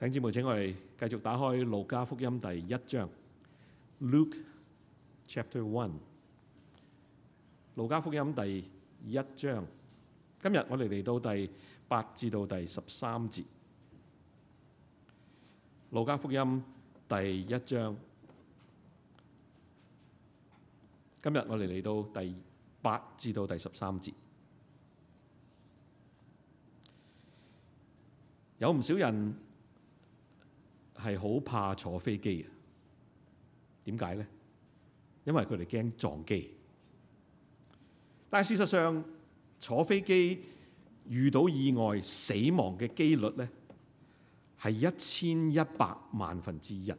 弟兄們，請我哋繼續打開《路加福音》第一章，《Luke Chapter One》。《路加福音》第一章，今日我哋嚟到第八至到第十三節，《路加福音》第一章，今日我哋嚟到第八至到第十三節，有唔少人，係好怕坐飛機啊？點解咧？因為佢哋驚撞機。但係事實上，坐飛機遇到意外死亡嘅機率咧，係一千一百萬分之一。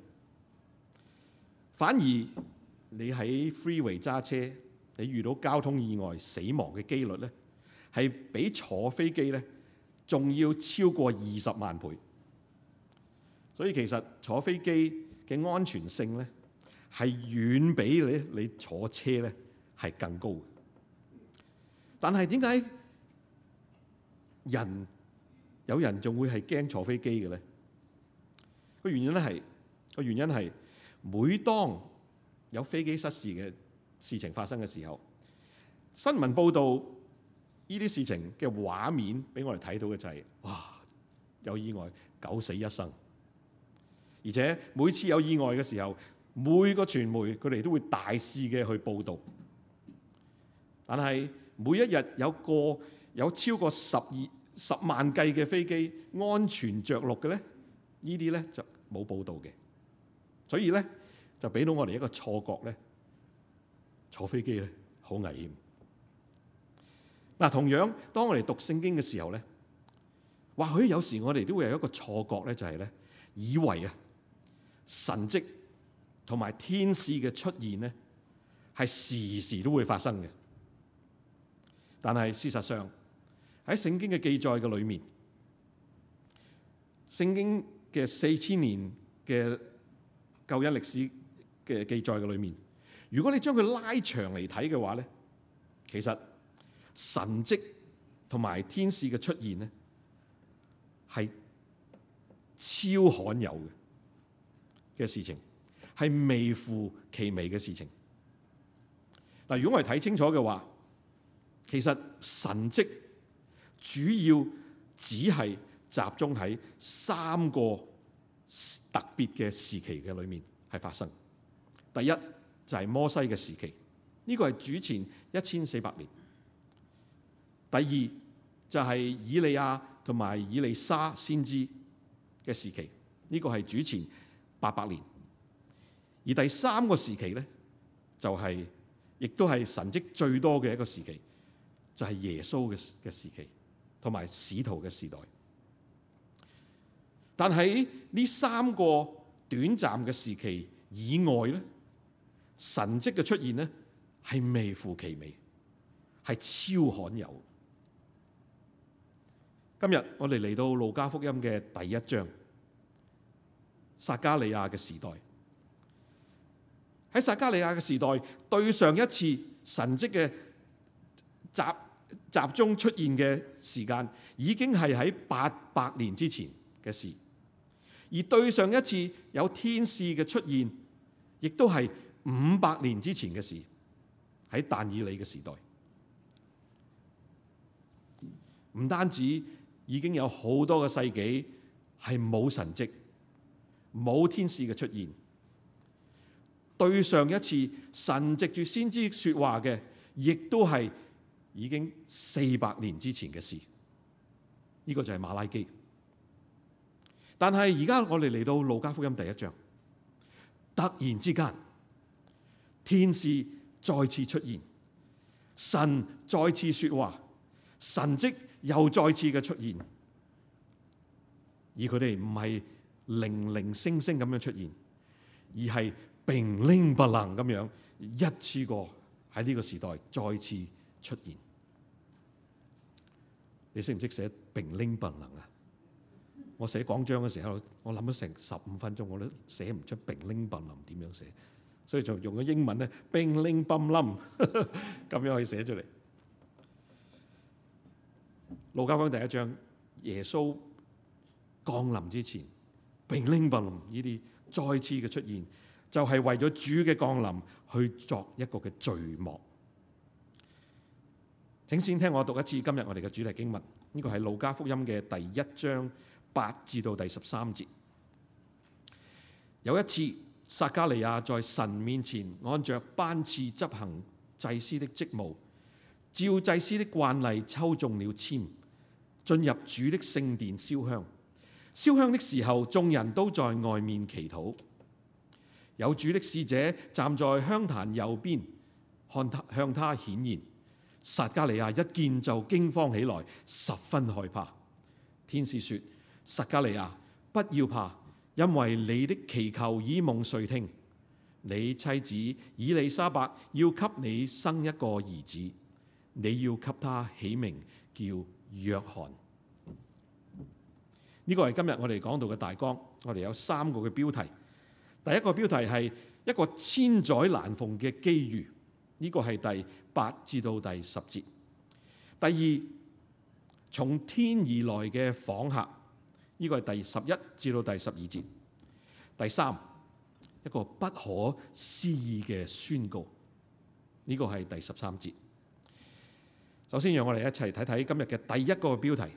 反而你喺 freeway 揸車，你遇到交通意外死亡嘅機率咧，係比坐飛機咧仲要超過二十萬倍。所以其實坐飛機嘅安全性咧，係遠比你你坐車咧係更高嘅。但係點解人有人仲會係驚坐飛機嘅咧？個原因咧係個原因係，每當有飛機失事嘅事情發生嘅時候，新聞報道呢啲事情嘅畫面俾我哋睇到嘅就係，哇，有意外九死一生。而且每次有意外嘅時候，每個傳媒佢哋都會大肆嘅去報導。但係每一日有個有超過十二十萬計嘅飛機安全着陸嘅咧，這些呢啲咧就冇報導嘅。所以咧就俾到我哋一個錯覺咧，坐飛機咧好危險。嗱，同樣當我哋讀聖經嘅時候咧，或許有時我哋都會有一個錯覺咧，就係、是、咧以為啊～神跡同埋天使嘅出現咧，係時時都會發生嘅。但係事實上，喺聖經嘅記載嘅裏面，聖經嘅四千年嘅舊約歷史嘅記載嘅裏面，如果你將佢拉長嚟睇嘅話咧，其實神跡同埋天使嘅出現咧，係超罕有嘅。嘅事情係微乎其微嘅事情。嗱，如果我哋睇清楚嘅話，其實神跡主要只係集中喺三個特別嘅時期嘅裏面係發生。第一就係摩西嘅時期，呢個係主前一千四百年。第二就係以利亞同埋以利沙先知嘅時期，呢個係主前八百年，而第三個時期咧，就係、是、亦都係神跡最多嘅一個時期，就係、是、耶穌嘅嘅時期，同埋使徒嘅時代。但喺呢三個短暫嘅時期以外咧，神跡嘅出現咧係微乎其微，係超罕有。今日我哋嚟到路加福音嘅第一章。撒加利亞嘅時代，喺撒加利亞嘅時代，對上一次神跡嘅集集中出現嘅時間，已經係喺八百年之前嘅事；而對上一次有天使嘅出現，亦都係五百年之前嘅事，喺但以理嘅時代。唔單止已經有好多個世紀係冇神跡。冇天使嘅出現，對上一次神藉住先知說話嘅，亦都係已經四百年之前嘅事。呢、這個就係馬拉基。但係而家我哋嚟到路加福音第一章，突然之間，天使再次出現，神再次說話，神跡又再次嘅出現，而佢哋唔係。零零星星咁樣出現，而係并拎不能咁樣一次過喺呢個時代再次出現。你識唔識寫「并拎不能」啊？我寫講章嘅時候，我諗咗成十五分鐘，我都寫唔出「并拎不能」點樣寫，所以就用個英文咧「并拎不冧」咁 樣可以寫出嚟。路加福音第一章，耶穌降臨之前。被拎笨呢啲再次嘅出現，就係、是、為咗主嘅降臨去作一個嘅序幕。請先聽我讀一次今日我哋嘅主題經文，呢、這個係路加福音嘅第一章八至到第十三節。有一次，撒迦利亞在神面前按着班次執行祭司的職務，照祭司的慣例抽中了籤，進入主的聖殿燒香。燒香的時候，眾人都在外面祈禱。有主的使者站在香壇右邊，看他向他顯現。撒加利亞一見就驚慌起來，十分害怕。天使說：撒加利亞，不要怕，因為你的祈求已蒙垂聽。你妻子以利沙伯要給你生一個兒子，你要給他起名叫約翰。呢個係今日我哋講到嘅大綱，我哋有三個嘅標題。第一個標題係一個千載難逢嘅機遇，呢個係第八至到第十節。第二，從天而來嘅訪客，呢個係第十一至到第十二節。第三，一個不可思議嘅宣告，呢個係第十三節。首先，讓我哋一齊睇睇今日嘅第一個標題。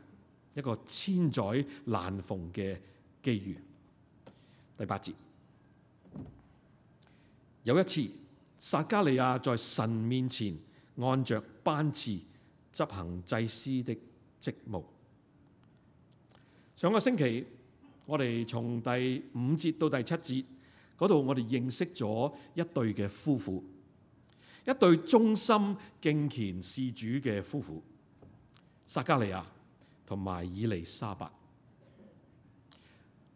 一個千載難逢嘅機遇。第八節，有一次撒迦利亞在神面前按着班次執行祭司的職務。上個星期我哋從第五節到第七節嗰度，我哋認識咗一對嘅夫婦，一對忠心敬虔事主嘅夫婦，撒迦利亞。同埋以利沙伯，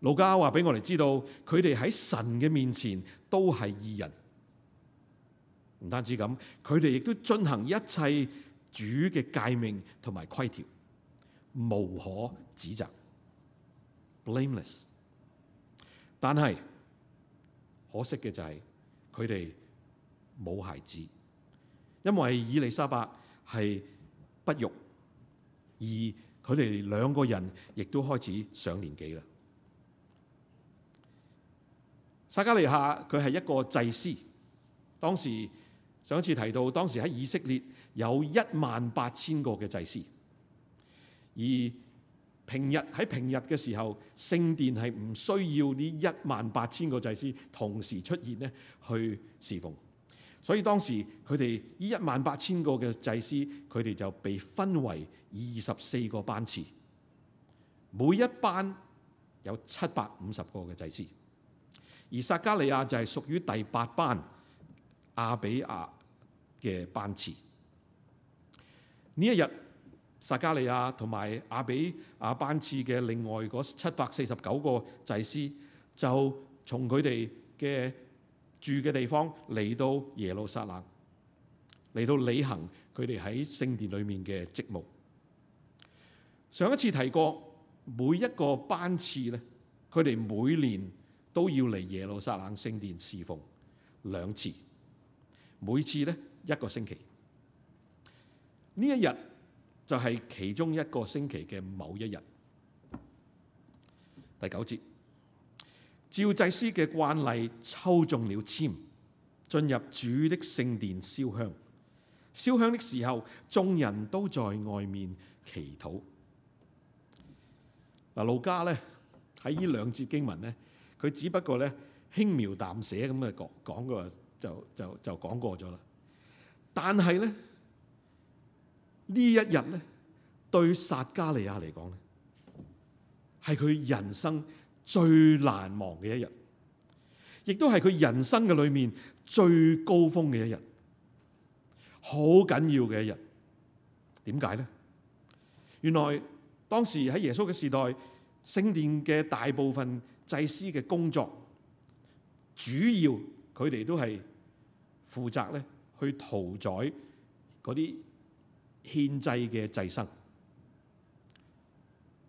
路加話俾我哋知道，佢哋喺神嘅面前都係義人，唔單止咁，佢哋亦都進行一切主嘅誡命同埋規條，無可指責 （blameless）。但係可惜嘅就係佢哋冇孩子，因為以利沙伯係不育而。佢哋兩個人亦都開始上年紀啦。撒迦利亞，佢係一個祭司，當時上一次提到，當時喺以色列有一萬八千個嘅祭司，而平日喺平日嘅時候，聖殿係唔需要呢一萬八千個祭司同時出現呢去侍奉。所以當時佢哋呢一萬八千個嘅祭司，佢哋就被分為二十四個班次，每一班有七百五十個嘅祭司，而撒加利亞就係屬於第八班亞比亞嘅班次。呢一日撒加利亞同埋亞比亞班次嘅另外嗰七百四十九個祭司，就從佢哋嘅住嘅地方嚟到耶路撒冷，嚟到履行佢哋喺聖殿裏面嘅職務。上一次提過，每一個班次咧，佢哋每年都要嚟耶路撒冷聖殿侍奉兩次，每次咧一個星期。呢一日就係其中一個星期嘅某一日。第九節。照祭司嘅慣例，抽中了籤，進入主的聖殿燒香。燒香的時候，眾人都在外面祈禱。嗱，路加咧喺呢兩節經文咧，佢只不過咧輕描淡寫咁嘅講講過，就就就講過咗啦。但係咧呢一日咧，對撒迦利亞嚟講咧，係佢人生。最難忘嘅一日，亦都係佢人生嘅裏面最高峰嘅一日，好緊要嘅一日。點解咧？原來當時喺耶穌嘅時代，聖殿嘅大部分祭司嘅工作，主要佢哋都係負責咧去屠宰嗰啲獻祭嘅祭牲，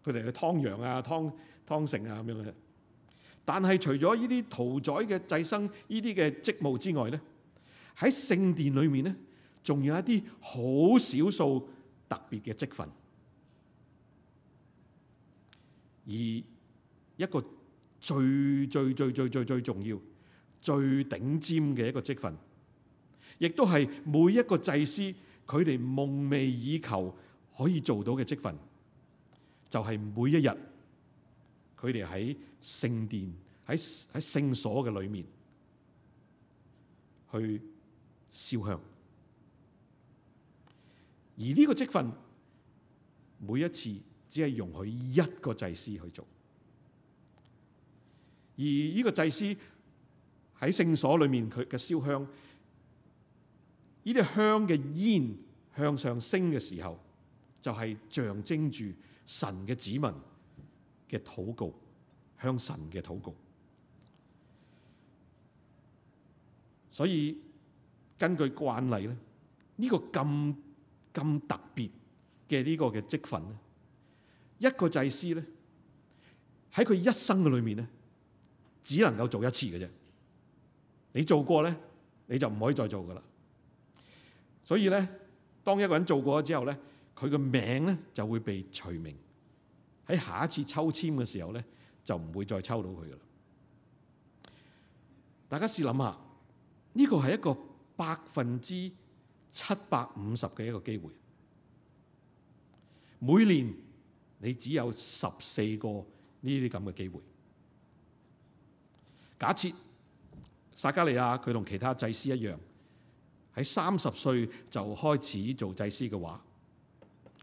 佢哋去劏羊啊，劏。湯城啊，咁樣嘅。但係除咗呢啲屠宰嘅祭牲，呢啲嘅職務之外咧，喺聖殿裏面咧，仲有一啲好少數特別嘅職份，而一個最最最最最最重要，最頂尖嘅一個職份，亦都係每一個祭司佢哋夢寐以求可以做到嘅職份，就係、是、每一日。佢哋喺聖殿喺喺聖所嘅裏面去燒香，而呢個職分每一次只係容許一個祭司去做，而呢個祭司喺聖所裏面佢嘅燒香，呢啲香嘅煙向上升嘅時候，就係、是、象徵住神嘅指紋。嘅禱告，向神嘅禱告。所以根據慣例咧，呢個咁咁特別嘅呢個嘅職份咧，一個祭司咧喺佢一生嘅裏面咧，只能夠做一次嘅啫。你做過咧，你就唔可以再做噶啦。所以咧，當一個人做過咗之後咧，佢嘅名咧就會被除名。喺下一次抽籤嘅時候咧，就唔會再抽到佢噶啦。大家試諗下，呢個係一個百分之七百五十嘅一個機會。每年你只有十四個呢啲咁嘅機會。假設撒迦利亞佢同其他祭司一樣，喺三十歲就開始做祭司嘅話，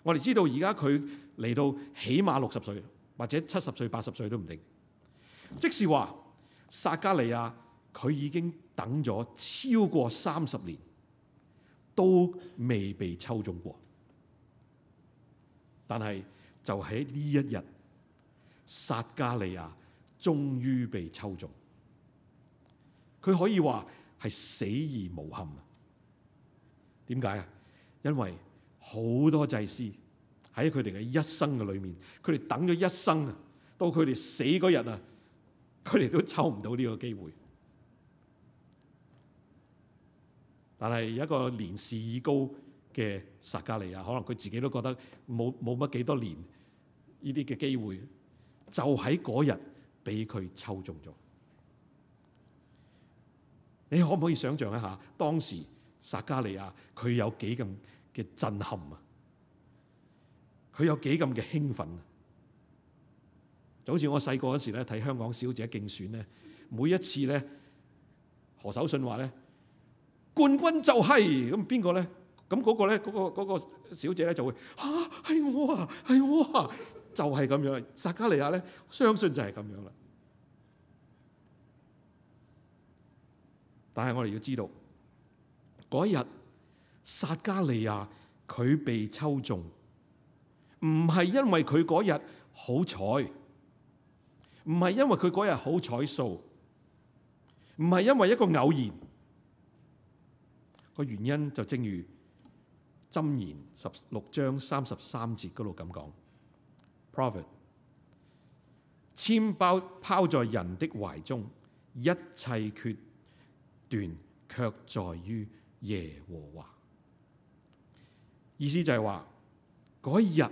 我哋知道而家佢。嚟到起碼六十歲，或者七十歲、八十歲都唔定。即係話撒迦利亞佢已經等咗超過三十年，都未被抽中過。但係就喺呢一日，撒迦利亞終於被抽中。佢可以話係死而無憾啊！點解啊？因為好多祭司。喺佢哋嘅一生嘅裏面，佢哋等咗一生啊，到佢哋死嗰日啊，佢哋都抽唔到呢個機會。但係一個年事已高嘅撒加利亞，可能佢自己都覺得冇冇乜幾多年呢啲嘅機會，就喺嗰日俾佢抽中咗。你可唔可以想象一下當時撒加利亞佢有幾咁嘅震撼啊？佢有幾咁嘅興奮？就好似我細個嗰時咧睇香港小姐競選咧，每一次咧何守信話咧，冠軍就係咁邊個咧？咁、那、嗰個咧，嗰、那個小姐咧就會嚇係、啊、我啊，係我啊，就係、是、咁樣。撒迦利亞咧，我相信就係咁樣啦。但係我哋要知道，嗰一日撒迦利亞佢被抽中。唔係因為佢嗰日好彩，唔係因為佢嗰日好彩數，唔係因為一個偶然，個原因就正如箴言十六章三十三節嗰度咁講：Prophet，籤包拋在人的懷中，一切決斷卻在於耶和華。意思就係話嗰日。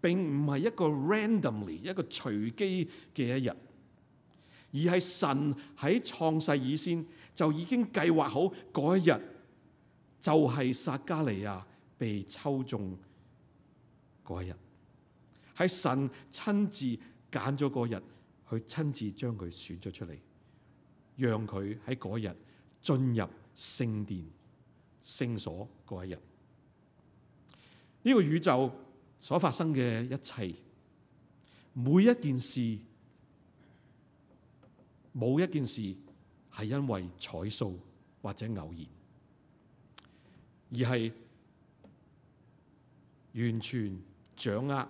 並唔係一個 randomly 一個隨機嘅一日，而係神喺創世以先就已經計劃好嗰一日，就係、是、撒迦利亞被抽中嗰一日，係神親自揀咗嗰日去親自將佢選咗出嚟，讓佢喺嗰日進入聖殿聖所嗰一日。呢、這個宇宙。所發生嘅一切，每一件事，冇一件事係因為彩數或者偶然，而係完全掌握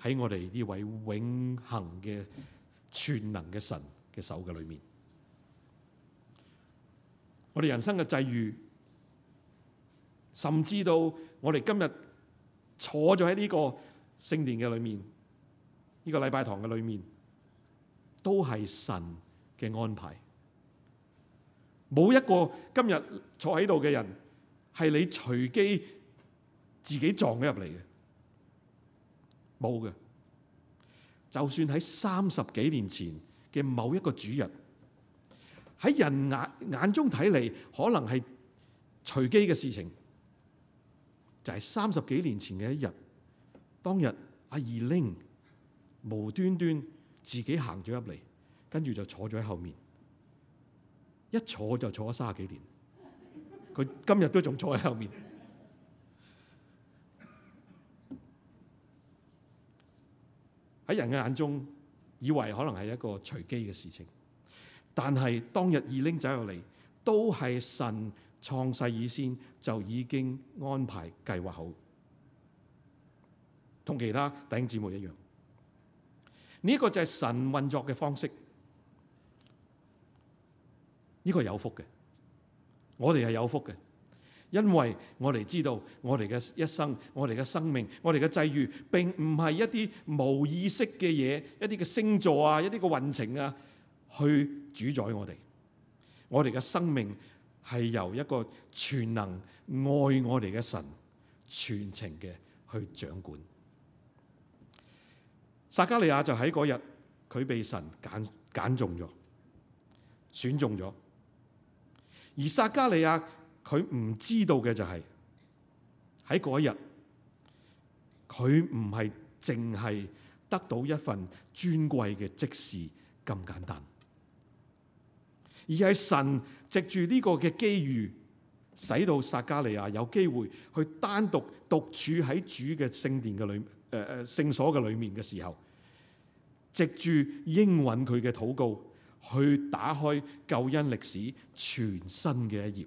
喺我哋呢位永恆嘅全能嘅神嘅手嘅裏面。我哋人生嘅際遇，甚至到我哋今日，坐咗喺呢個聖殿嘅裏面，呢、這個禮拜堂嘅裏面，都係神嘅安排。冇一個今日坐喺度嘅人係你隨機自己撞咗入嚟嘅，冇嘅。就算喺三十幾年前嘅某一個主日，喺人眼眼中睇嚟，可能係隨機嘅事情。就係三十幾年前嘅一日，當日阿二玲無端端自己行咗入嚟，跟住就坐咗喺後面，一坐就坐咗三十幾年，佢今日都仲坐喺後面。喺人嘅眼中，以為可能係一個隨機嘅事情，但係當日二玲走入嚟，都係神。創世以先，就已經安排計劃好，同其他弟兄姊妹一樣。呢個就係神運作嘅方式，呢個有福嘅。我哋係有福嘅，因為我哋知道我哋嘅一生、我哋嘅生命、我哋嘅際遇並唔係一啲無意識嘅嘢，一啲嘅星座啊、一啲嘅運程啊，去主宰我哋。我哋嘅生命，係由一個全能愛我哋嘅神全程嘅去掌管。撒加利亞就喺嗰日佢被神揀揀中咗，選中咗。而撒加利亞佢唔知道嘅就係喺嗰日佢唔係淨係得到一份尊貴嘅職事咁簡單。而係神藉住呢個嘅機遇，使到撒迦利亞有機會去單獨獨處喺主嘅聖殿嘅裏，誒誒聖所嘅裏面嘅、呃、時候，藉住應允佢嘅禱告，去打開救恩歷史全新嘅一頁。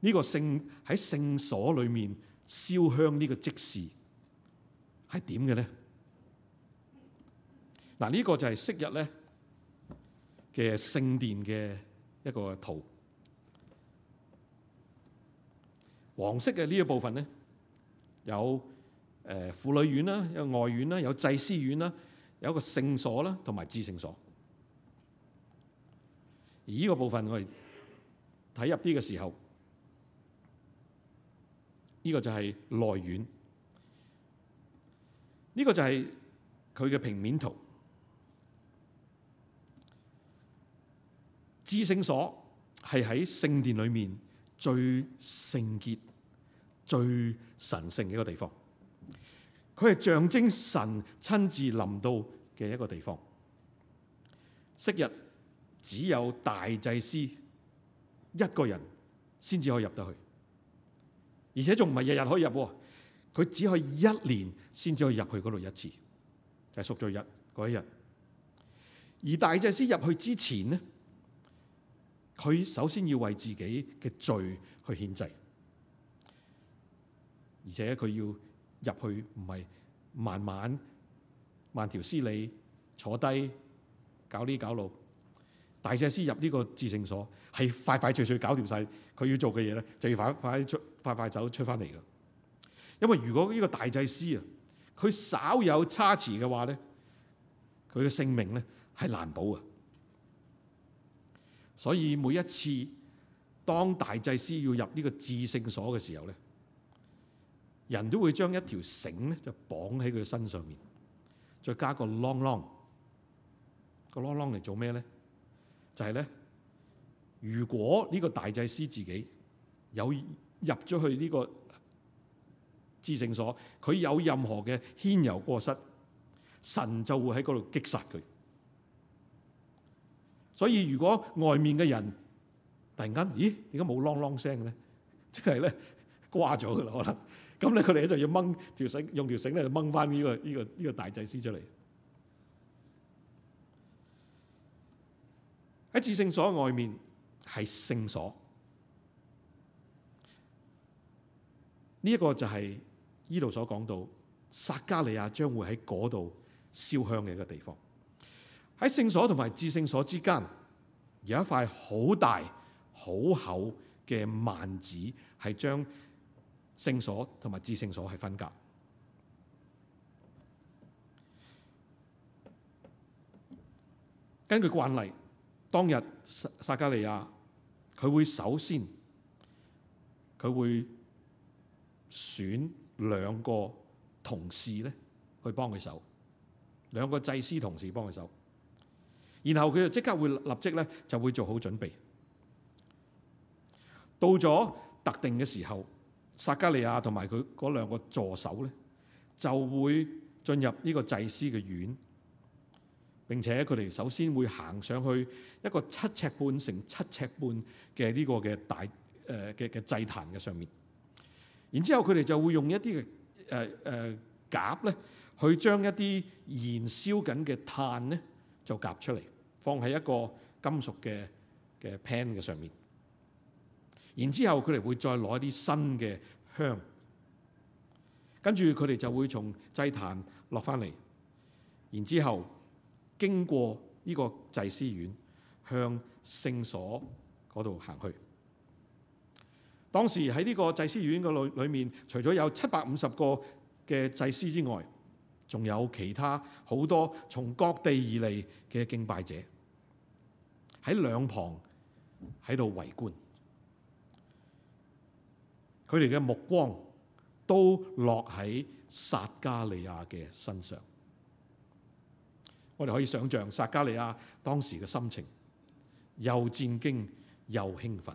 呢、這個聖喺聖所裏面燒香個呢個即事係點嘅咧？嗱，呢個就係昔日咧嘅聖殿嘅一個圖，黃色嘅呢一部分咧有誒婦女院啦，有外院啦，有祭司院啦，有一個聖所啦，同埋至聖所。而呢個部分我哋睇入啲嘅時候，呢個就係內院，呢個就係佢嘅平面圖。至聖所係喺聖殿裏面最聖潔、最神聖嘅一個地方。佢係象徵神親自臨到嘅一個地方。昔日只有大祭司一個人先至可以入得去，而且仲唔係日日可以入。佢只可以一年先至可以入去嗰度一次，就係贖罪日嗰一日。而大祭司入去之前咧。佢首先要為自己嘅罪去獻祭，而且佢要入去唔係慢慢慢條斯理坐低搞呢搞路，大祭司入呢個至聖所係快快脆脆搞掂晒，佢要做嘅嘢咧，就要快快出快快走出翻嚟嘅。因為如果呢個大祭司啊，佢稍有差池嘅話咧，佢嘅性命咧係難保嘅。所以每一次當大祭司要入呢個至聖所嘅時候咧，人都會將一條繩咧就綁喺佢身上面，再加個啷啷個啷啷嚟做咩咧？就係、是、咧，如果呢個大祭司自己有入咗去呢個至聖所，佢有任何嘅牽遊過失，神就會喺嗰度擊殺佢。所以如果外面嘅人突然間，咦？點解冇啷啷聲嘅咧？即係咧，掛咗嘅啦，可能咁咧，佢哋咧就要掹條繩，用條繩咧就掹翻呢個呢個呢個大祭司出嚟。喺至聖所外面，係聖所，呢一個就係呢度所講到，撒加利亞將會喺嗰度燒香嘅一個地方。喺聖所同埋至聖所之間，有一塊好大、好厚嘅幔子，係將聖所同埋至聖所係分隔。根據慣例，當日撒迦利亞佢會首先佢會選兩個同事咧去幫佢手，兩個祭司同事幫佢手。然後佢就即刻會立即咧，就會做好準備。到咗特定嘅時候，撒加利亞同埋佢嗰兩個助手咧，就會進入呢個祭司嘅院。並且佢哋首先會行上去一個七尺半乘七尺半嘅呢個嘅大誒嘅嘅祭壇嘅上面。然之後佢哋就會用一啲嘅誒誒夾咧，去將一啲燃燒緊嘅炭咧，就夾出嚟。放喺一個金屬嘅嘅 pan 嘅上面，然之後佢哋會再攞啲新嘅香，跟住佢哋就會從祭壇落翻嚟，然之後經過呢個祭司院向聖所嗰度行去。當時喺呢個祭司院嘅裏裏面，除咗有七百五十個嘅祭司之外，仲有其他好多從各地而嚟嘅敬拜者。喺兩旁喺度圍觀，佢哋嘅目光都落喺撒加利亞嘅身上。我哋可以想象撒加利亞當時嘅心情，又戰兢又興奮。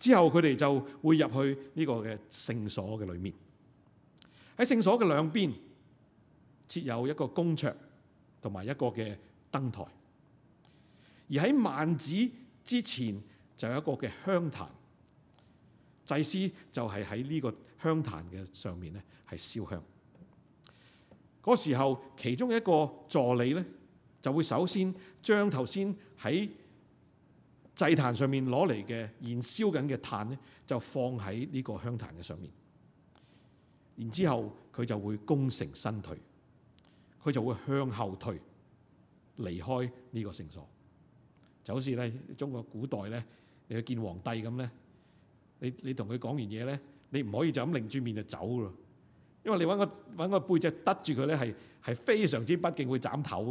之後佢哋就會入去呢個嘅聖所嘅裏面。喺聖所嘅兩邊設有一個供桌同埋一個嘅燈台。而喺幔子之前就有一個嘅香壇祭司，就係喺呢個香壇嘅上面咧，係燒香嗰時候，其中一個助理咧就會首先將頭先喺祭壇上面攞嚟嘅燃燒緊嘅炭咧，就放喺呢個香壇嘅上面。然之後佢就會功成身退，佢就會向後退離開呢個聖所。有時咧，中國古代咧，你去見皇帝咁咧，你你同佢講完嘢咧，你唔可以就咁擰住面就走咯，因為你揾個揾個背脊得住佢咧，係係非常之不敬，會斬頭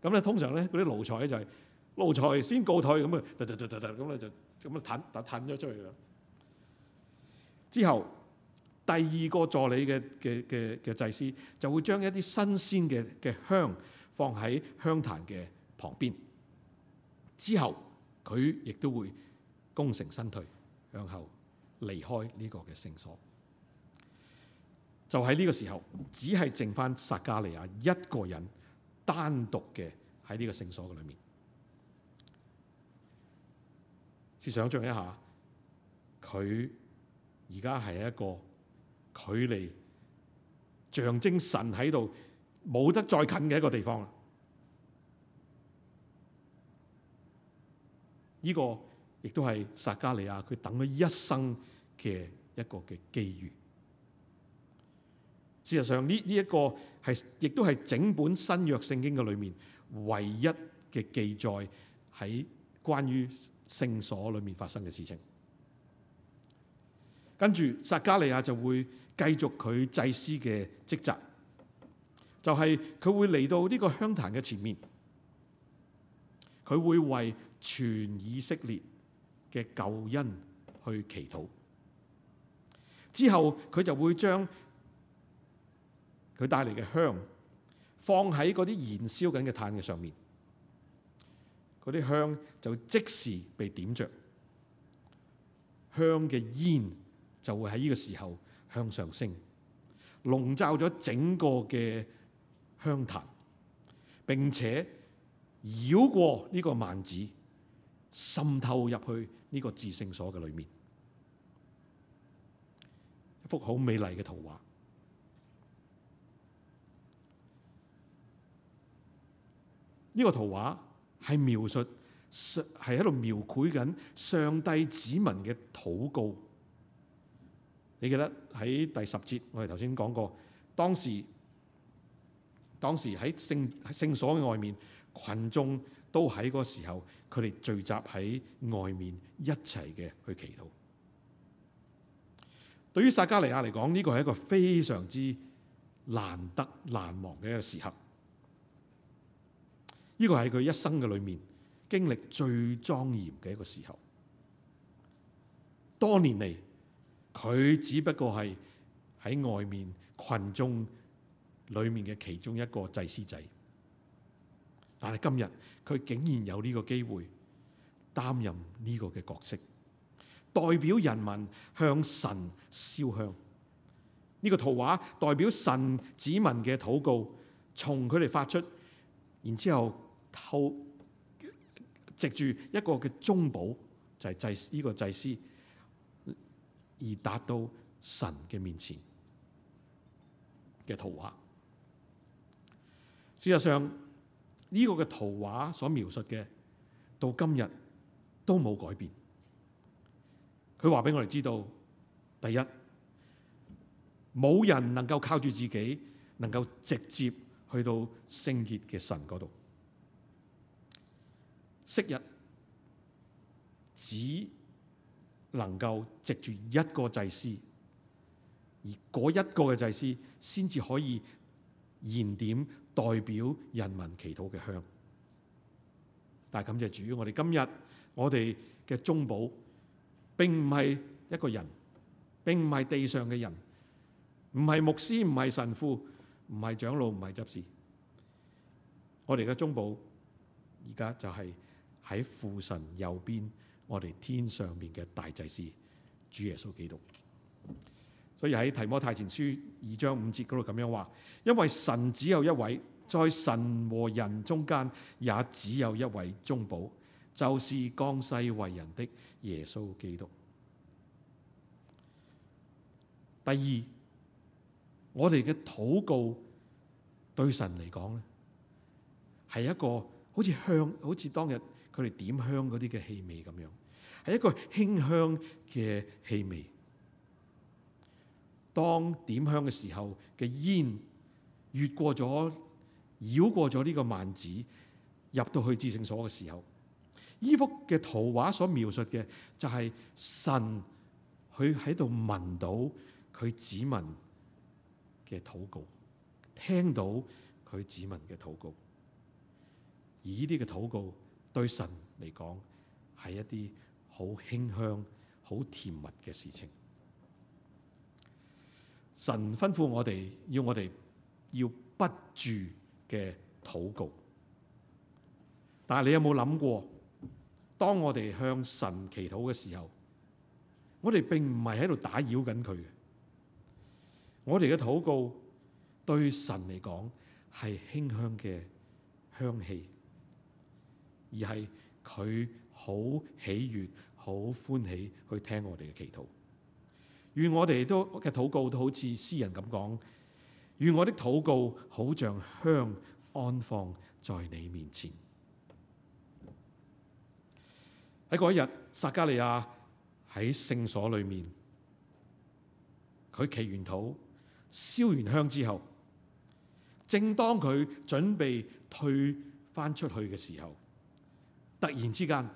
嘅。咁咧，通常咧，嗰啲奴才咧就係、是、奴才先告退咁啊，咁咧就咁啊，褪褪咗出去啦。之後，第二個助理嘅嘅嘅嘅祭司就會將一啲新鮮嘅嘅香放喺香壇嘅旁邊。之後，佢亦都會功成身退，向後離開呢個嘅聖所。就喺呢個時候，只係剩返撒加利亞一個人，單獨嘅喺呢個聖所嘅裏面。試想像一下，佢而家係一個距離象徵神喺度冇得再近嘅一個地方啦。呢個亦都係撒加利亞佢等咗一生嘅一個嘅機遇。事實上，呢呢一個係亦都係整本新約聖經嘅裏面唯一嘅記載喺關於聖所裏面發生嘅事情。跟住撒加利亞就會繼續佢祭司嘅職責，就係佢會嚟到呢個香壇嘅前面，佢會為全以色列嘅救恩去祈禱，之後佢就會將佢帶嚟嘅香放喺嗰啲燃燒緊嘅炭嘅上面，嗰啲香就即時被點着，香嘅煙就會喺呢個時候向上升，籠罩咗整個嘅香壇，並且繞過呢個幔子。滲透入去呢個至聖所嘅裏面，一幅好美麗嘅圖畫。呢、呢個圖畫係描述係喺度描繪緊上帝子民嘅禱告。你記得喺第十節，我哋頭先講過，當時當時喺聖聖所嘅外面，群眾，都喺嗰個時候，佢哋聚集喺外面一齊嘅去祈禱。對於撒迦利亞嚟講，呢個係一個非常之難得難忘嘅一個時刻。呢個係佢一生嘅裡面經歷最莊嚴嘅一個時候。多年嚟，佢只不過係喺外面群眾裡面嘅其中一個祭司仔。但係今日佢竟然有呢個機會擔任呢個嘅角色，代表人民向神燒香。呢、這個圖畫代表神子民嘅禱告從佢哋發出，然之後透藉住一個嘅中保，就係祭呢個祭司，而達到神嘅面前嘅圖畫。事實上。呢個嘅圖畫所描述嘅，到今日都冇改變。佢話俾我哋知道，第一，冇人能夠靠住自己，能夠直接去到聖潔嘅神嗰度。昔日只能夠藉住一個祭司，而嗰一個嘅祭司先至可以，燃點代表人民祈禱嘅香，但係感謝主，我哋今日我哋嘅中保並唔係一個人，並唔係地上嘅人，唔係牧師，唔係神父，唔係長老，唔係執事。我哋嘅中保而家就係喺父神右邊，我哋天上面嘅大祭司，主耶穌基督。所以喺《提摩太前書》二章五節嗰度咁樣話，因為神只有一位，在神和人中間也只有一位中保，就是降世為人的耶穌基督。第二，我哋嘅禱告對神嚟講呢係一個好似香，好似當日佢哋點香嗰啲嘅氣味咁樣，係一個馨香嘅氣味。當點香嘅時候嘅煙越過咗，繞過咗呢個幔子入到去至聖所嘅時候，依幅嘅圖畫所描述嘅就係神佢喺度聞到佢子民嘅禱告，聽到佢子民嘅禱告，而呢啲嘅禱告對神嚟講係一啲好馨香，好甜蜜嘅事情。神吩咐我哋，要我哋要不住嘅禱告。但係你有冇諗過，當我哋向神祈禱嘅時候，我哋並唔係喺度打擾緊佢。我哋嘅禱告對神嚟講係馨香嘅香氣，而係佢好喜悅、好歡喜去聽我哋嘅祈禱。願我哋都嘅禱告都好似詩人咁講，願我的禱告好像香安放在你面前。喺嗰一日，撒加利亞喺聖所裏面，佢祈完禱、燒完香之後，正當佢準備退翻出去嘅時候，突然之間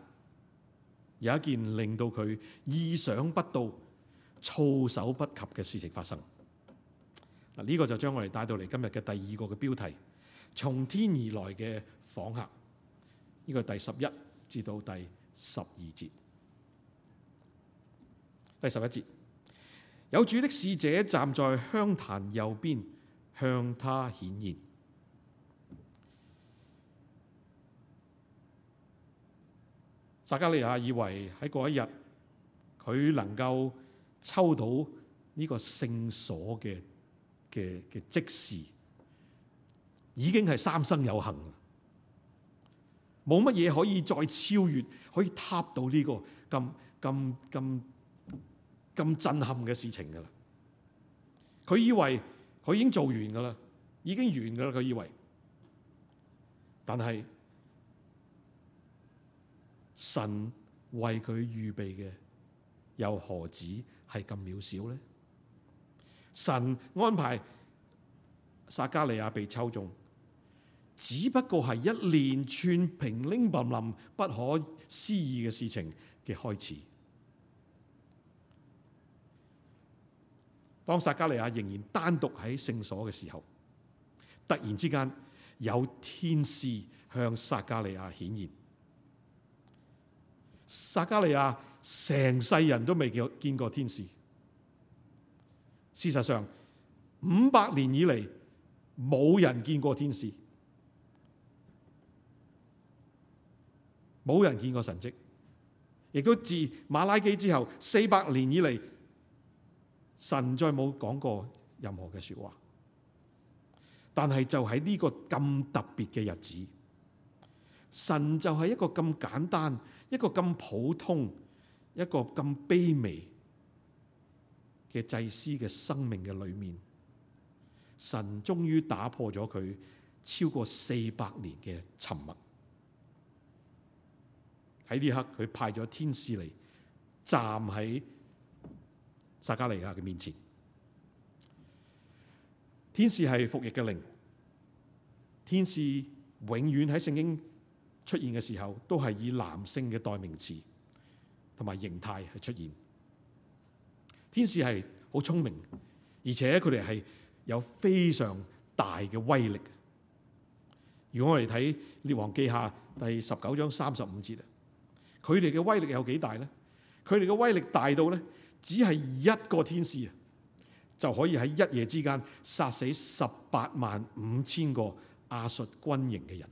有一件令到佢意想不到，措手不及嘅事情發生，嗱、這、呢個就將我哋帶到嚟今日嘅第二個嘅標題：從天而來嘅訪客。呢、這個係第十一至到第十二節。第十一節，有主的使者站在香壇右邊，向他顯現。撒加利亞以為喺嗰一日，佢能夠抽到呢個聖所嘅嘅嘅即時，已經係三生有幸，冇乜嘢可以再超越，可以踏到呢、這個咁咁咁咁震撼嘅事情㗎啦！佢以為佢已經做完㗎啦，已經完㗎啦，佢以為。但係神為佢預備嘅又何止？係咁渺小咧！神安排撒加利亞被抽中，只不過係一連串平零冧冧不可思議嘅事情嘅開始。當撒加利亞仍然單獨喺聖所嘅時候，突然之間有天使向撒加利亞顯現，撒加利亞。成世人都未見見過天使。事實上，五百年以嚟冇人見過天使，冇人見過神蹟，亦都自馬拉基之後四百年以嚟，神再冇講過任何嘅說話。但係就喺呢個咁特別嘅日子，神就係一個咁簡單、一個咁普通。一個咁卑微嘅祭司嘅生命嘅裏面，神終於打破咗佢超過四百年嘅沉默。喺呢刻，佢派咗天使嚟站喺撒迦利亞嘅面前。天使係服役嘅靈，天使永遠喺聖經出現嘅時候，都係以男性嘅代名詞。同埋形態係出現，天使係好聰明，而且佢哋係有非常大嘅威力。如果我哋睇《列王記下》第十九章三十五節啊，佢哋嘅威力有幾大咧？佢哋嘅威力大到咧，只係一個天使啊，就可以喺一夜之間殺死十八萬五千個亞述軍營嘅人。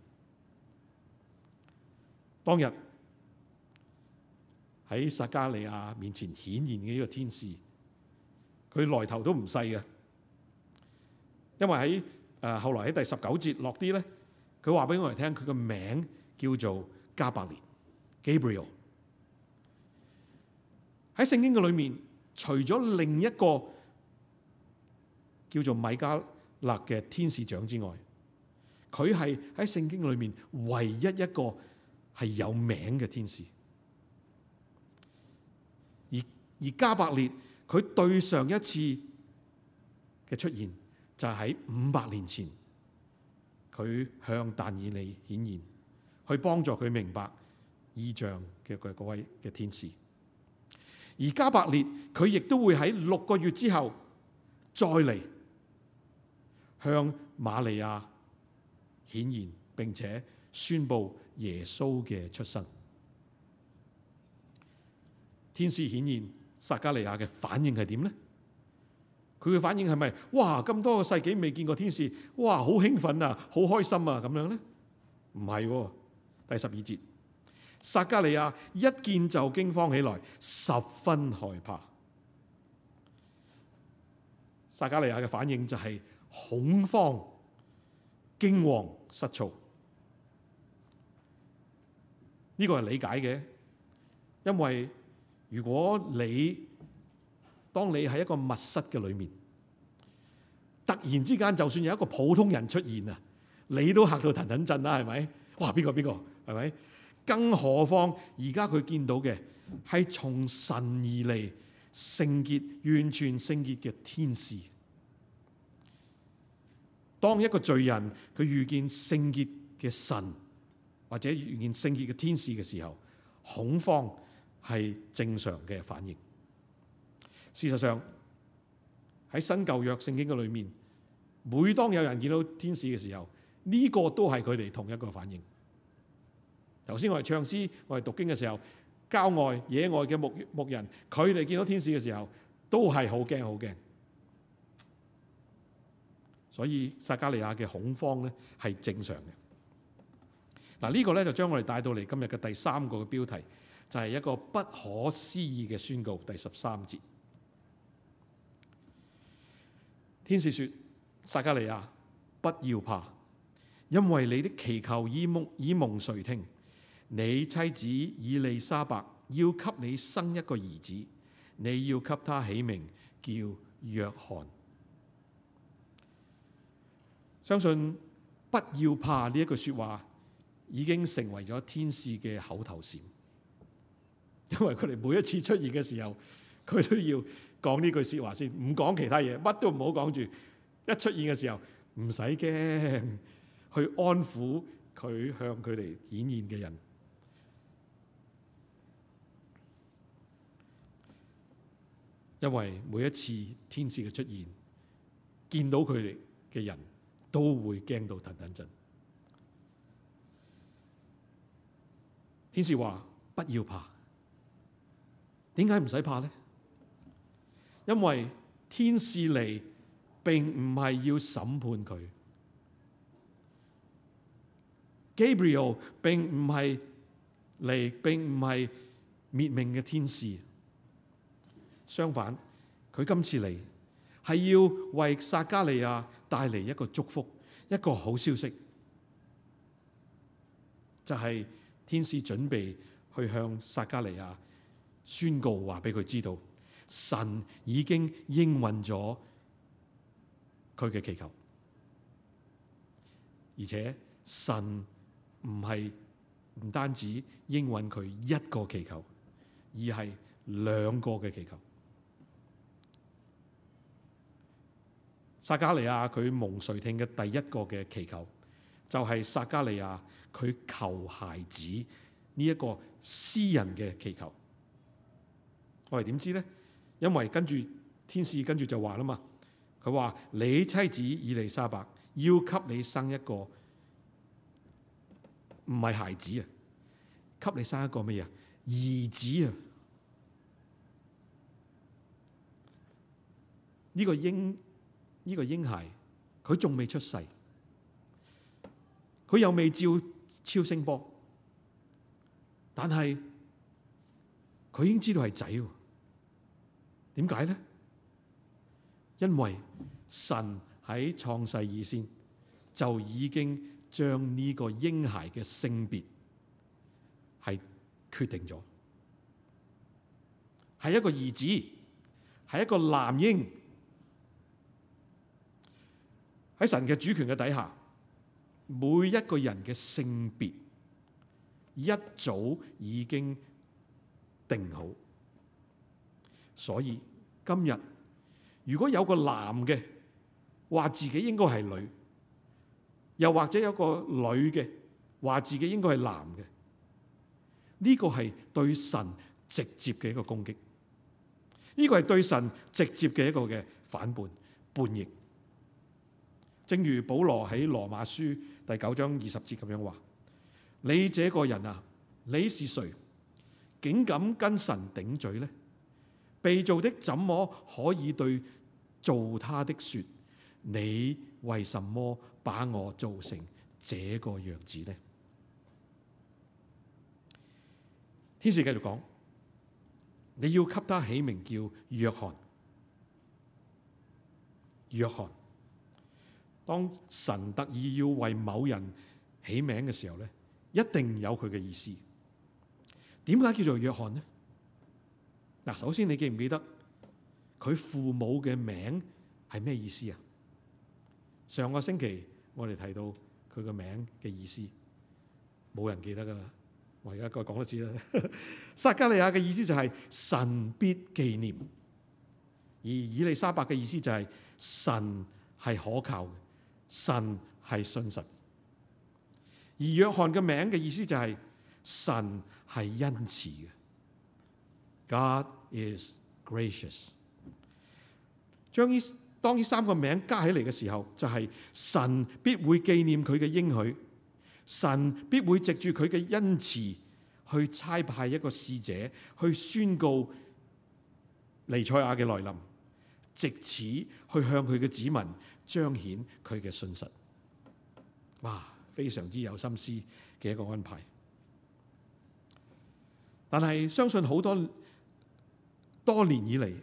當日。喺撒迦利亞面前顯現嘅呢個天使，佢來頭都唔細嘅，因為喺誒、呃、後來喺第十九節落啲咧，佢話俾我哋聽，佢個名叫做加百列 （Gabriel）。喺聖經嘅裏面，除咗另一個叫做米迦勒嘅天使長之外，佢係喺聖經裏面唯一一個係有名嘅天使。而加百列佢對上一次嘅出現就喺五百年前，佢向但以利顯現，去幫助佢明白異象嘅嗰位嘅天使。而加百列佢亦都會喺六個月之後再嚟向瑪利亞顯現，並且宣布耶穌嘅出生。天使顯現。撒加利亞嘅反應係點呢？佢嘅反應係咪哇咁多個世紀未見過天使，哇好興奮啊，好開心啊咁樣呢？唔係，第十二節，撒加利亞一見就驚慌起來，十分害怕。撒加利亞嘅反應就係恐慌、驚惶、失措。呢個係理解嘅，因為。如果你當你喺一個密室嘅裏面，突然之間就算有一個普通人出現啊，你都嚇到騰騰震啦，係咪？哇！邊個邊個？係咪？更何況而家佢見到嘅係從神而嚟聖潔、完全聖潔嘅天使。當一個罪人佢遇見聖潔嘅神或者遇見聖潔嘅天使嘅時候，恐慌，係正常嘅反應。事實上，喺新舊約聖經嘅裏面，每當有人見到天使嘅時候，呢個都係佢哋同一個反應。頭先我哋唱詩，我哋讀經嘅時候，郊外野外嘅牧牧人，佢哋見到天使嘅時候，都係好驚好驚。所以撒加利亞嘅恐慌咧，係正常嘅。嗱，呢個咧就將我哋帶到嚟今日嘅第三個嘅標題。就係一個不可思議嘅宣告。第十三節，天使説：撒加利亞，不要怕，因為你的祈求已蒙已蒙垂聽，你妻子以利沙白要給你生一個兒子，你要給他起名叫約翰。相信不要怕呢一句説話，已經成為咗天使嘅口頭禪。因為佢哋每一次出現嘅時候，佢都要講呢句説話先，唔講其他嘢，乜都唔好講住。一出現嘅時候，唔使驚，去安撫佢向佢哋顯現嘅人。因為每一次天使嘅出現，見到佢哋嘅人都會驚到騰騰震。天使話：不要怕。點解唔使怕呢？因為天使嚟並唔係要審判佢，Gabriel 並唔係嚟並唔係滅命嘅天使。相反，佢今次嚟係要為撒加利亞帶嚟一個祝福，一個好消息，就係、是、天使準備去向撒加利亞。宣告話俾佢知道，神已經應允咗佢嘅祈求，而且神唔係唔單止應允佢一個祈求，而係兩個嘅祈求。撒加利亞佢蒙垂聽嘅第一個嘅祈求，就係撒加利亞佢求孩子呢一個私人嘅祈求。我哋點知咧？因為跟住天使跟住就話啦嘛，佢話你妻子以利沙白要給你生一個唔係孩子啊，給你生一個咩嘢？兒子啊！呢個嬰呢個嬰孩佢仲未出世，佢又未照超聲波，但係。佢已經知道係仔喎，點解咧？因為神喺創世以先就已經將呢個嬰孩嘅性別係決定咗，係一個兒子，係一個男嬰。喺神嘅主權嘅底下，每一個人嘅性別一早已經定好，所以今日如果有個男嘅話自己應該係女，又或者有個女嘅話自己應該係男嘅，呢個係對神直接嘅一個攻擊，呢個係對神直接嘅一個嘅反叛叛逆。正如保羅喺羅馬書第九章二十節咁樣話：你這個人啊，你是誰？竟敢跟神頂嘴呢？被造的怎麼可以對造他的說：你為什麼把我造成這個樣子呢？天使繼續講：你要給他起名叫約翰。約翰，當神特意要為某人起名嘅時候呢，一定有佢嘅意思。點解叫做約翰呢？嗱，首先你記唔記得佢父母嘅名係咩意思啊？上個星期我哋提到佢個名嘅意思，冇人記得噶啦。我而家再講多次啦。撒加利亞嘅意思就係神必紀念，而以利沙伯嘅意思就係神係可靠嘅，神係信實。而約翰嘅名嘅意思就係神。係恩慈嘅，God is gracious 將，將呢，當呢三個名加起嚟嘅時候，就係、是、神必會紀念佢嘅應許，神必會藉住佢嘅恩慈去差派一個使者去宣告彌賽亞嘅來臨，藉此去向佢嘅子民彰顯佢嘅信實。哇，非常之有心思嘅一個安排。但係相信好多多年以嚟，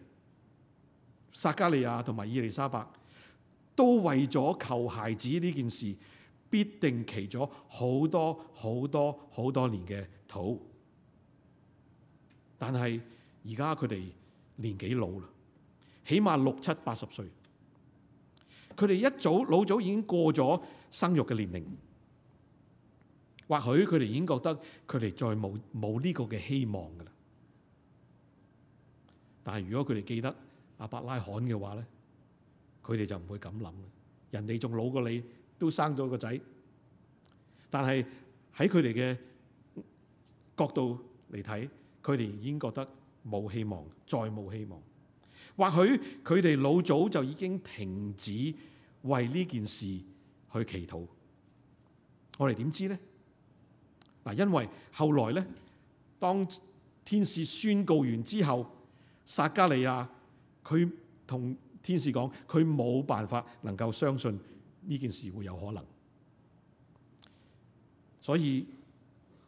撒迦利亞同埋以利沙伯都為咗求孩子呢件事，必定祈咗好多好多好多年嘅禱。但係而家佢哋年紀老啦，起碼六七八十歲，佢哋一早老早已經過咗生育嘅年齡。或許佢哋已經覺得佢哋再冇冇呢個嘅希望噶啦。但係如果佢哋記得阿伯拉罕嘅話咧，佢哋就唔會咁諗啦。人哋仲老過你，都生咗個仔。但係喺佢哋嘅角度嚟睇，佢哋已經覺得冇希望，再冇希望。或許佢哋老早就已經停止為呢件事去祈禱。我哋點知咧？嗱，因為後來咧，當天使宣告完之後，撒加利亞佢同天使講，佢冇辦法能夠相信呢件事會有可能，所以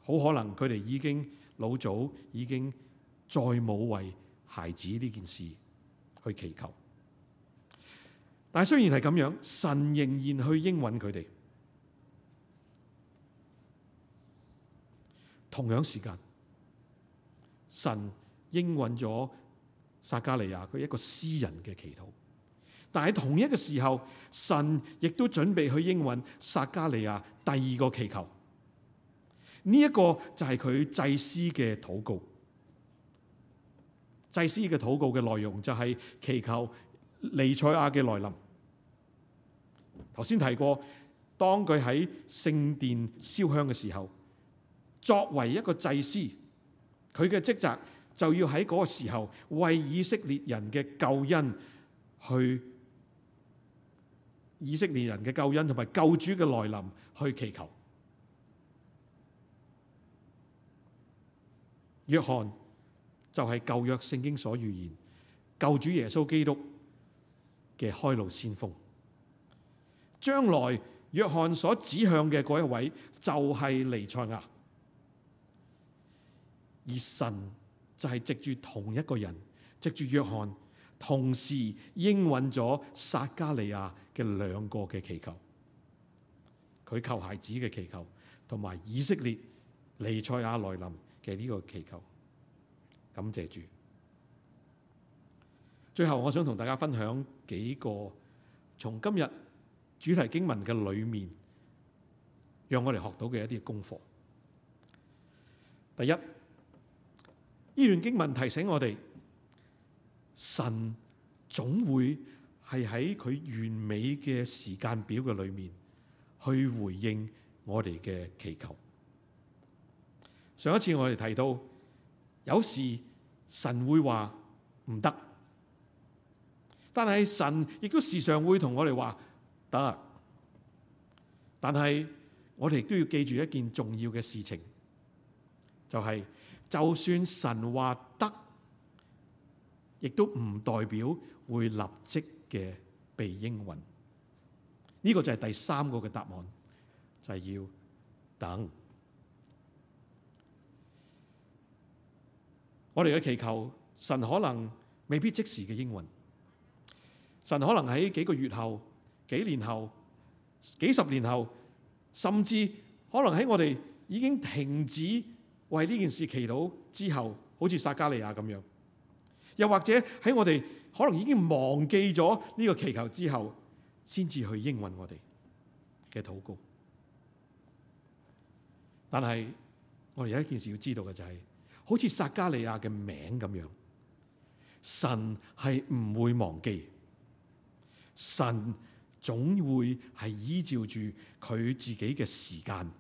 好可能佢哋已經老早已經再冇為孩子呢件事去祈求。但係雖然係咁樣，神仍然去應允佢哋。同樣時間，神應允咗撒加利亞佢一個私人嘅祈禱，但係同一個時候，神亦都準備去應允撒加利亞第二個祈求。呢、這、一個就係佢祭司嘅禱告。祭司嘅禱告嘅內容就係祈求彌賽亞嘅來臨。頭先提過，當佢喺聖殿燒香嘅時候。作為一個祭司，佢嘅職責就要喺嗰個時候為以色列人嘅救恩去，以色列人嘅救恩同埋救主嘅來臨去祈求。約翰就係舊約聖經所預言救主耶穌基督嘅開路先鋒。將來約翰所指向嘅嗰一位就係彌賽亞。而神就係藉住同一個人，藉住約翰，同時應允咗撒加利亞嘅兩個嘅祈求，佢求孩子嘅祈求，同埋以色列彌賽亞來臨嘅呢個祈求，感謝主。最後，我想同大家分享幾個從今日主題經文嘅裏面，讓我哋學到嘅一啲功課。第一。依段經文提醒我哋，神總會係喺佢完美嘅時間表嘅裏面去回應我哋嘅祈求。上一次我哋提到，有時神會話唔得，但係神亦都時常會同我哋話得。但係我哋都要記住一件重要嘅事情，就係。就算神話得，亦都唔代表會立即嘅被應允。呢、這個就係第三個嘅答案，就係、是、要等。我哋嘅祈求，神可能未必即時嘅應允。神可能喺幾個月後、幾年後、幾十年後，甚至可能喺我哋已經停止。為呢件事祈禱之後，好似撒加利亞咁樣，又或者喺我哋可能已經忘記咗呢個祈求之後，先至去應允我哋嘅禱告。但係我哋有一件事要知道嘅就係、是，好似撒加利亞嘅名咁樣，神係唔會忘記，神總會係依照住佢自己嘅時間，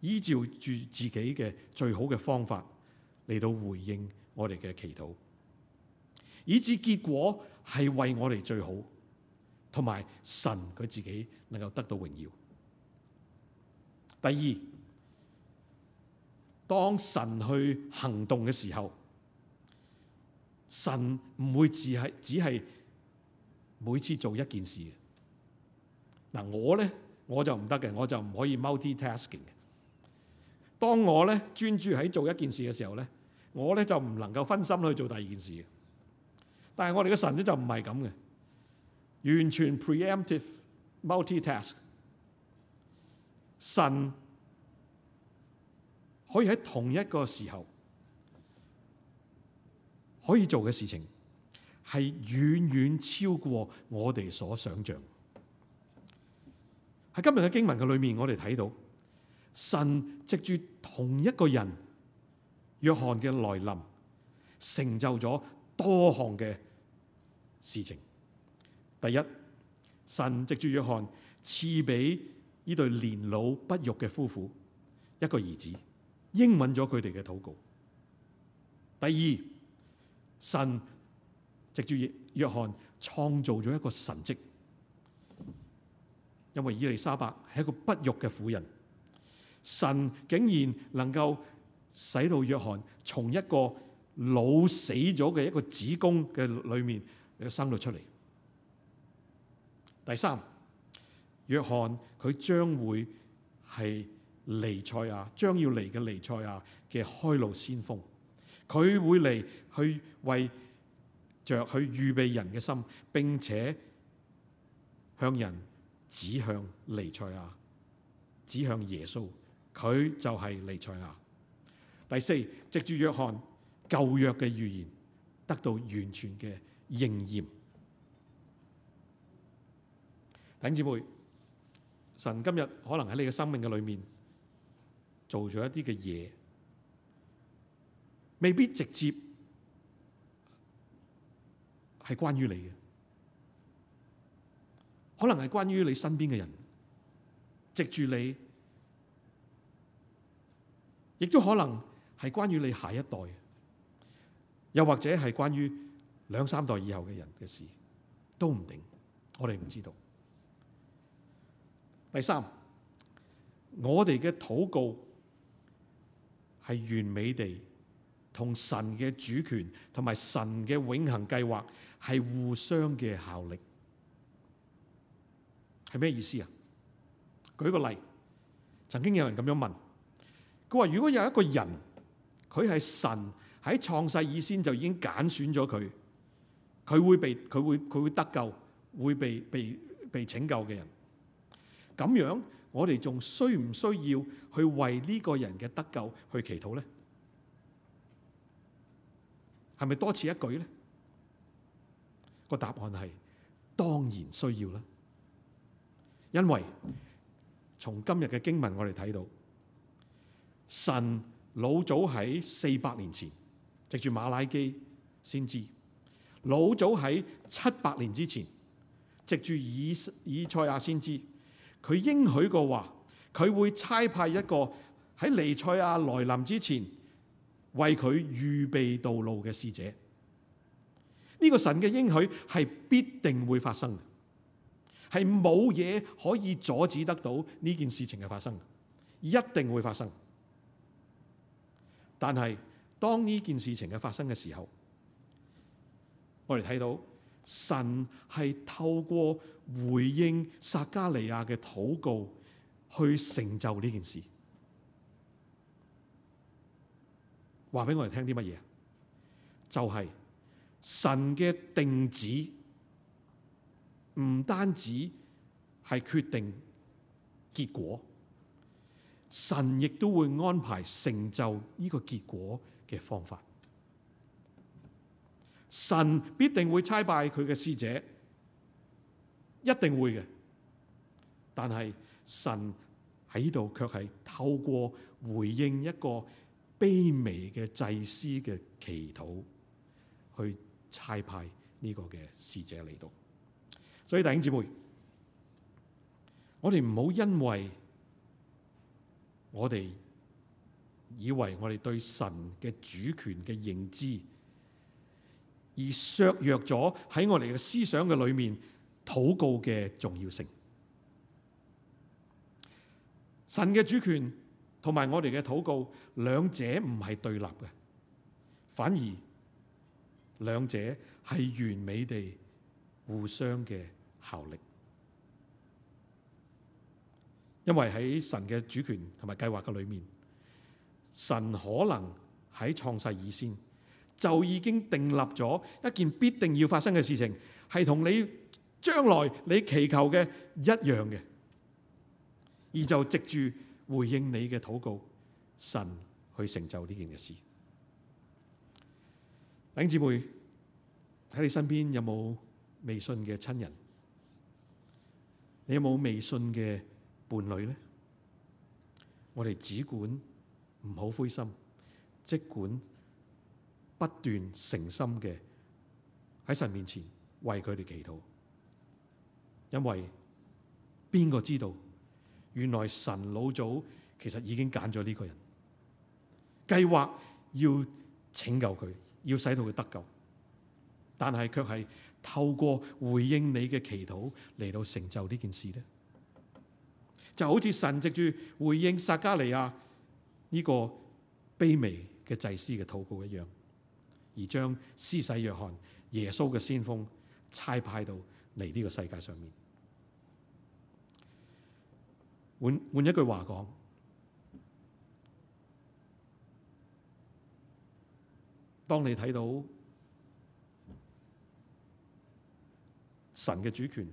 依照住自己嘅最好嘅方法嚟到回應我哋嘅祈禱，以至結果係為我哋最好，同埋神佢自己能夠得到榮耀。第二，當神去行動嘅時候，神唔會只係只係每次做一件事嘅。嗱，我咧我就唔得嘅，我就唔可以 multitasking 嘅。當我咧專注喺做一件事嘅時候咧，我咧就唔能夠分心去做第二件事。但係我哋嘅神咧就唔係咁嘅，完全 preemptive multitask。Ive, multi ask, 神可以喺同一個時候可以做嘅事情係遠遠超過我哋所想像。喺今日嘅經文嘅裏面，我哋睇到神藉住同一個人，約翰嘅來臨成就咗多項嘅事情。第一，神藉住約翰賜俾呢對年老不育嘅夫婦一個兒子，應允咗佢哋嘅禱告。第二，神藉住約翰創造咗一個神蹟，因為以利沙伯係一個不育嘅婦人。神竟然能夠使到約翰從一個老死咗嘅一個子宮嘅裏面生到出嚟。第三，約翰佢將會係彌賽亞，將要嚟嘅彌賽亞嘅開路先鋒。佢會嚟去為着去預備人嘅心，並且向人指向彌賽亞，指向耶穌。佢就係尼才雅。第四，藉住約翰舊約嘅預言，得到完全嘅應驗。弟兄姊妹，神今日可能喺你嘅生命嘅裏面做咗一啲嘅嘢，未必直接係關於你嘅，可能係關於你身邊嘅人，藉住你。亦都可能係關於你下一代，又或者係關於兩三代以後嘅人嘅事，都唔定，我哋唔知道。第三，我哋嘅禱告係完美地同神嘅主權同埋神嘅永恆計劃係互相嘅效力，係咩意思啊？舉個例，曾經有人咁樣問。佢話：如果有一個人，佢係神喺創世以先就已經揀選咗佢，佢會被佢會佢會得救，會被被被拯救嘅人。咁樣，我哋仲需唔需要去為呢個人嘅得救去祈禱咧？係咪多此一舉咧？個答案係當然需要啦，因為從今日嘅經文我哋睇到。神老早喺四百年前藉住馬拉基先知，老早喺七百年之前藉住以以賽亞先知，佢應許過話，佢會差派一個喺尼賽亞來臨之前為佢預備道路嘅使者。呢、呢個神嘅應許係必定會發生，係冇嘢可以阻止得到呢件事情嘅發生，一定會發生。但係，當呢件事情嘅發生嘅時候，我哋睇到神係透過回應撒加利亞嘅禱告去成就呢件事。話俾我哋聽啲乜嘢？就係、是、神嘅定旨，唔單止係決定結果。神亦都會安排成就呢個結果嘅方法，神必定會差派佢嘅使者，一定會嘅。但係神喺度卻係透過回應一個卑微嘅祭司嘅祈禱，去差派呢個嘅使者嚟到。所以弟兄姊妹，我哋唔好因為。我哋以為我哋對神嘅主權嘅認知，而削弱咗喺我哋嘅思想嘅裏面禱告嘅重要性。神嘅主權同埋我哋嘅禱告兩者唔係對立嘅，反而兩者係完美地互相嘅效力。因為喺神嘅主權同埋計劃嘅裏面，神可能喺創世以前就已經定立咗一件必定要發生嘅事情，係同你將來你祈求嘅一樣嘅，而就藉住回應你嘅禱告，神去成就呢件嘅事。弟兄姊妹，睇你身邊有冇未信嘅親人？你有冇未信嘅？伴侶咧，我哋只管唔好灰心，即管不斷誠心嘅喺神面前為佢哋祈禱，因為邊個知道原來神老早其實已經揀咗呢個人，計劃要拯救佢，要使到佢得救，但係卻係透過回應你嘅祈禱嚟到成就呢件事咧。就好似神藉住回應撒加利亞呢個卑微嘅祭司嘅禱告一樣，而將施洗約翰耶穌嘅先鋒差派到嚟呢個世界上面。換換一句話講，當你睇到神嘅主權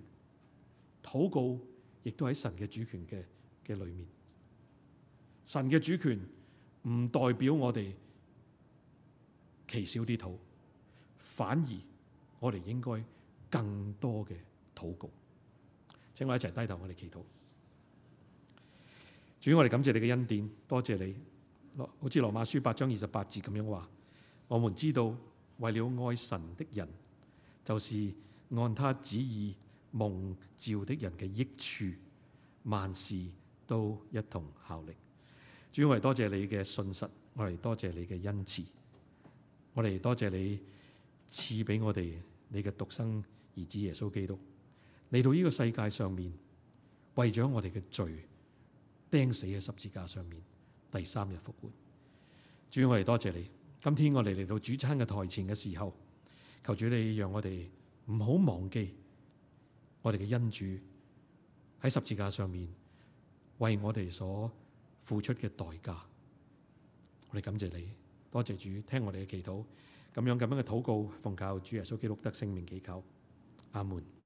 禱告。亦都喺神嘅主權嘅嘅裏面，神嘅主權唔代表我哋祈少啲禱，反而我哋應該更多嘅禱告。請我一齊低頭，我哋祈禱。主，我哋感謝你嘅恩典，多謝你。羅，好似羅馬書八章二十八節咁樣話，我們知道為了愛神的人，就是按他旨意蒙召的人嘅益處，萬事都一同效力。主，我哋多謝你嘅信實，我哋多謝你嘅恩賜，我哋多謝你賜俾我哋你嘅獨生兒子耶穌基督嚟到呢個世界上面，為咗我哋嘅罪釘死喺十字架上面，第三日復活。主，我哋多謝你。今天我哋嚟到主餐嘅台前嘅時候，求主你讓我哋唔好忘記。我哋嘅恩主喺十字架上面為我哋所付出嘅代價，我哋感謝你，多謝主聽我哋嘅祈禱，咁樣咁樣嘅禱告奉靠主耶穌基督得聖命祈求，阿門。